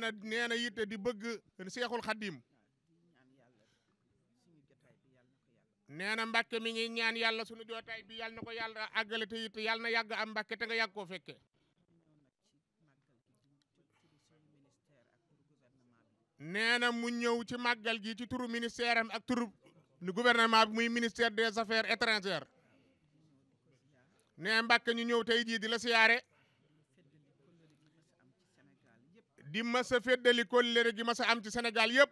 nee na yitte di bëgg cheikhul khadim nee mbacke mi ngi ñaan yalla suñu jootaay bi yalla nako yalla agale te yitte yalla na yàgg am mbacke te nga yag ko fekke nee mu ñew ci magal gi ci turu ministère am ak turu gouvernement bi muy ministère des affaires étrangères nee mbacke ñu ñew tay di la siaré di mas a féddali kóllëre gi mas am ci senegal yëpp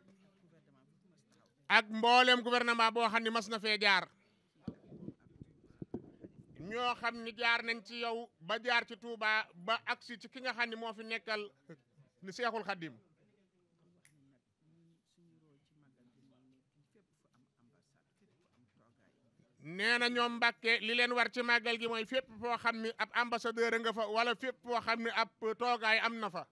ak mboolem gouvernement boo xam ne mas na fee jaar ñoo xam ni jaar nañ ci yow ba jaar ci tuuba ba agsi ci ki nga xam ne moo fi nekkal ni Seexul Xaddim nee na ñoom Mbàkke li leen war ci màggal gi mooy fépp foo xam ne ab ambassadeur nga fa wala fépp foo xam ne ab toogaay am na fa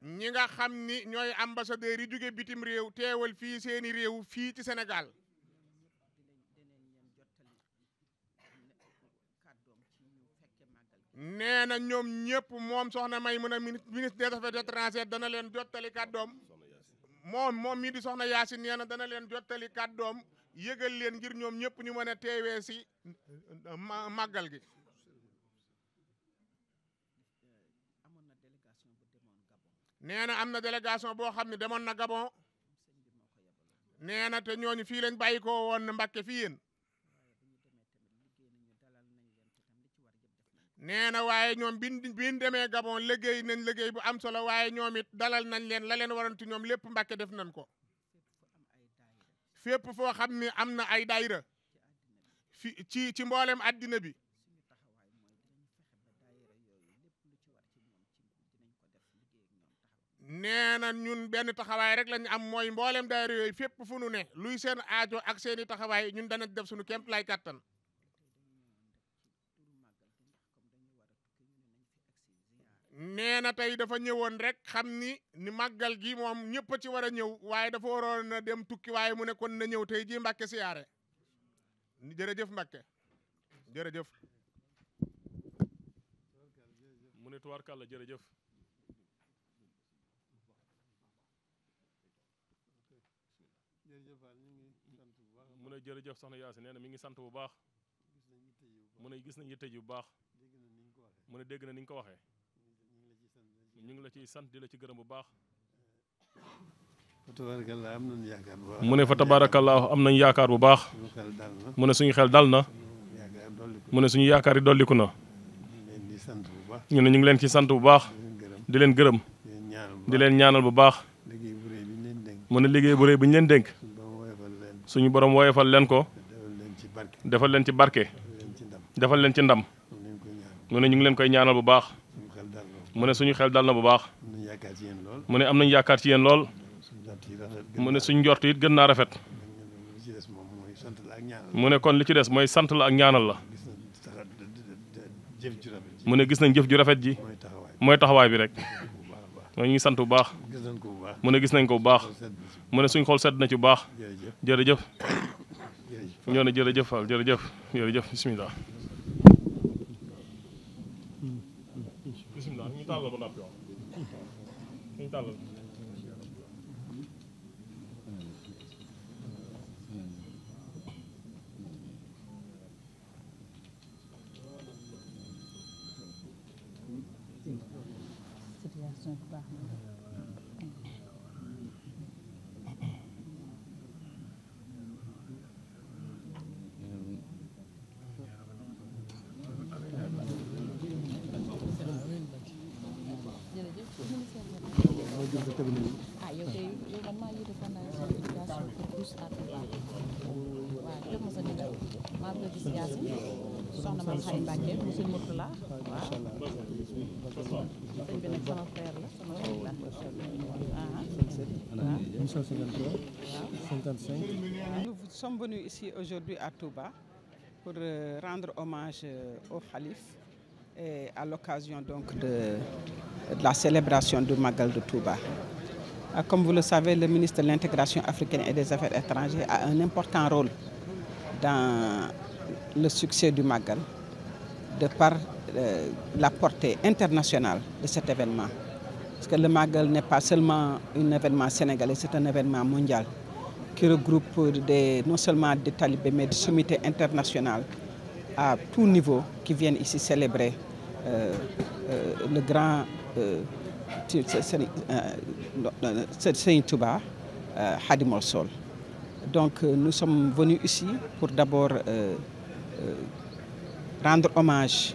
ñi nga xam ni ñooy ambassadeurs yi jóge bitim réew teewal fii seeni réew fii ci Sénégal nee na ñoom ñëpp moom soxna may mun a ministre des affaires étrangères dana leen jottali kàddoom moom moom mii di soxna Yaasin nee na dana leen jottali kàddoom yëgal leen ngir ñoom ñëpp ñu mën a teewee si màggal gi nee na am na délégation boo xam ne demoon na Gabon nee na te ñooñu fii lañ bàyyi ko woon Mbàkke fii yéen nee na waaye ñoom bin bin demee Gabon liggéey nañ liggéey bu am solo waaye ñoom it dalal nañ leen la leen warantu ñoom lépp Mbàkke def nañ ko fépp foo xam ne am na ay daayira fi ci ci mboolem addina bi nee na ñun benn taxawaay rek lañu am mooy mboolem daayira yooyu fépp fu nu ne luy seen aajo ak seeni taxawaay ñun danañ def suñu kémt lay kàttan nee na tey dafa ñëwoon rek xam ni ni màggal gi moom ñëpp a ci war a ñëw waaye dafa waroon na dem tukki waaye mu ne na ñëw tey ji Mbàkke siyaare jërëjëf Mbàkke jërëjëf mu ne jërëjëf mu ne jërëjëf soxna Yaasin nee na mi ngi sant bu baax mu ne gis nañ yitte ji bu baax mu ne dégg na ni nga ko waxee ñu ngi la ciy sant di la ci gërëm bu baax mu ne fa tabaarakallaahu am nañ yaakaar bu baax mu ne suñu xel dal na mu ne suñu yaakaar yi dolliku na ñu ne ñu ngi leen ci sant bu baax di leen gërëm di leen ñaanal bu baax mu ne liggéey bu rëy bu ñu leen dénk suñu borom woyefal leen ko defal leen ci barke defal leen ci ndam mu ne ñu ngi leen koy ñaanal bu baax mu ne suñu xel dal na bu baax mu ne am nañu yaakaar ci yéen lool mu ne suñu njort it gën naa rafet mu ne kon li ci des mooy sant la ak ñaanal la mu ne gis nañ jëf ju rafet ji mooy taxawaay bi rek ñu ngi bu baax. gis nañ ko bu baax mu ne gis nañ ko bu baax. mu ne suñ xool sedd na ci bu baax. jërëjëf ñoo ne jërëjëf Fall jërëjëf jërëjëf bisimilah. bisimilah ñu tàllal ba noppi Nous sommes venus ici aujourd'hui à Touba pour euh, rendre hommage euh, au Khalif et à l'occasion donc de, de, la célébration du Magal de Touba. Ah, comme vous le savez, le ministre de l'intégration africaine et des affaires étrangères a un important rôle dans le succès du Magal, de par euh, la portée internationale de cet événement. Parce que le Magal n'est pas seulement un événement sénégalais, c'est un événement mondial qui regroupe des, non seulement des talibés, mais des sommités internationales à tout niveau qui viennent ici célébrer euh, euh, le grand Touba, Hadim Sol. Donc nous sommes venus ici pour d'abord euh, rendre hommage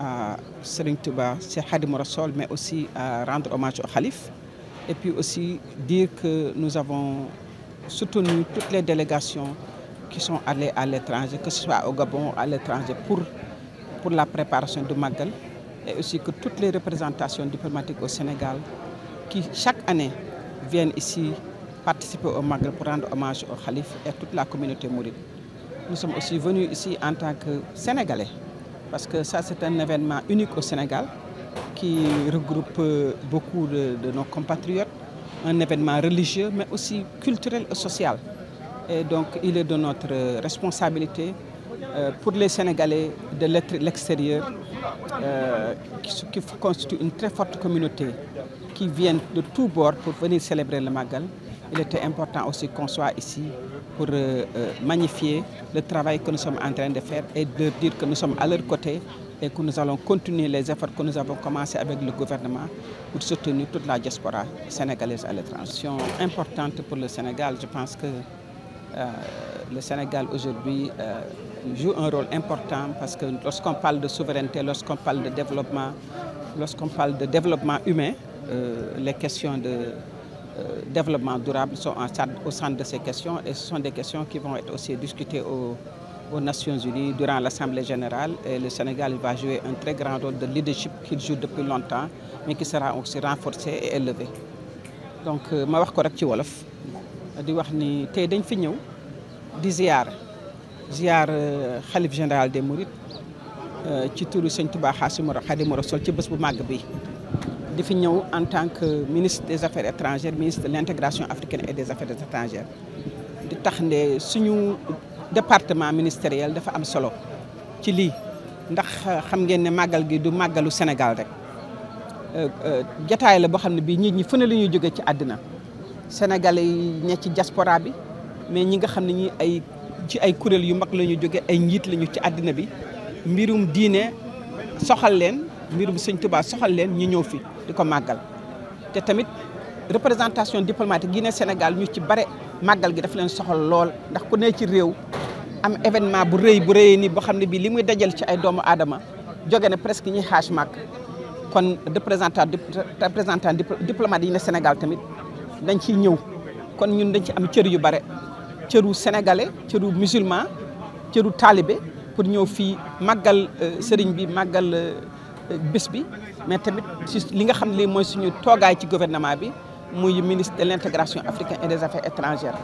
à Serigne Touba, Cheikh Hadim mais aussi à rendre hommage au Khalif. Et puis aussi dire que nous avons soutenu toutes les délégations qui sont allées à l'étranger, que ce soit au Gabon, ou à l'étranger, pour, pour la préparation du Magal. Et aussi que toutes les représentations diplomatiques au Sénégal, qui chaque année viennent ici participer au Magal pour rendre hommage au Khalif et à toute la communauté mouride nous sommes aussi venus ici en tant que Sénégalais, parce que ça c'est un événement unique au Sénégal qui regroupe euh, beaucoup de, nos compatriotes, un événement religieux mais aussi culturel et social. Et donc il est de notre euh, responsabilité euh, pour les Sénégalais de l'extérieur, euh, qui, constitue une très forte communauté, qui vient de tous bords pour venir célébrer le Magal il était important aussi qu'on soit ici pour euh, euh, magnifier le travail que nous sommes en train de faire et de dire que nous sommes à leur côté et que nous allons continuer les efforts que nous avons commencés avec le gouvernement pour soutenir toute la diaspora sénégalaise à l'étranger. C'est importante pour le Sénégal, je pense que euh, le Sénégal aujourd'hui joue un rôle important parce que lorsqu'on parle de souveraineté, lorsqu'on parle de développement, lorsqu'on parle de développement humain, les questions de euh, développement durable sont au centre de ces questions et ce sont des questions qui vont être aussi discutées aux, Nations Unies durant l'Assemblée générale. Et le Sénégal va jouer un très grand rôle de leadership qu'il joue depuis longtemps, mais qui sera aussi renforcé et élevé. donc euh, ma wax ko rek ci wolof di wax ni dañ fi di ziar ziar euh, général des Mourides ci turu sëñ Touba ci bëss bu mag bi di en tant que ministre des affaires étrangères ministre de l'intégration africaine et des affaires étrangères De département ministériel dafa am solo ci li ndax euh, xam ngeen Magal du Sénégal rek euh, euh, la sénégalais diaspora mais ñi nga xam ay ci ay yu mag lañu ay di ko màggal te tamit représentation diplomatique yi ne Sénégal ñu ci bare màggal gi daf leen soxal lool ndax ku ne ci réew am événement bu rëy bu rëyee nii boo xam ne bi li muy dajal ci ay doomu aadama jóge na presque ñuy xaaj màgg kon représentant représentant diplomate yi ne Sénégal tamit dañ ciy ñëw kon ñun dañ ci am cër yu bare cëru sénégalais cëru musulman cëru taalibe pour ñëw fii màggal euh, sëriñ bi màggal euh, bés bi mais tamit si li nga xam ne mooy suñu toogaay ci gouvernement bi muy ministre de l' intégration africaine et des affaires étrangères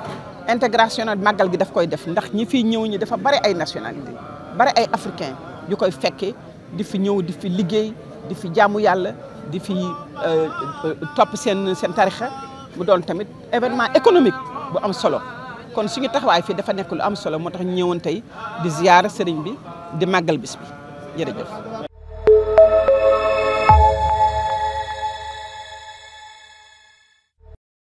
intégration nag màggal gi daf koy def ndax ñi fiy ñëw ñi dafa bari ay nationalité bari ay africain yu koy fekkee di fi ñëw di fi liggéey di fi jaamu yàlla di fi euh, euh, topp seen seen mu doon tamit événement économique bu am solo kon suñu taxawaay fii dafa nekk lu am solo moo tax ñu ñëwoon tey di ziyaara sëriñ bi di màggal bis bi jërëjëf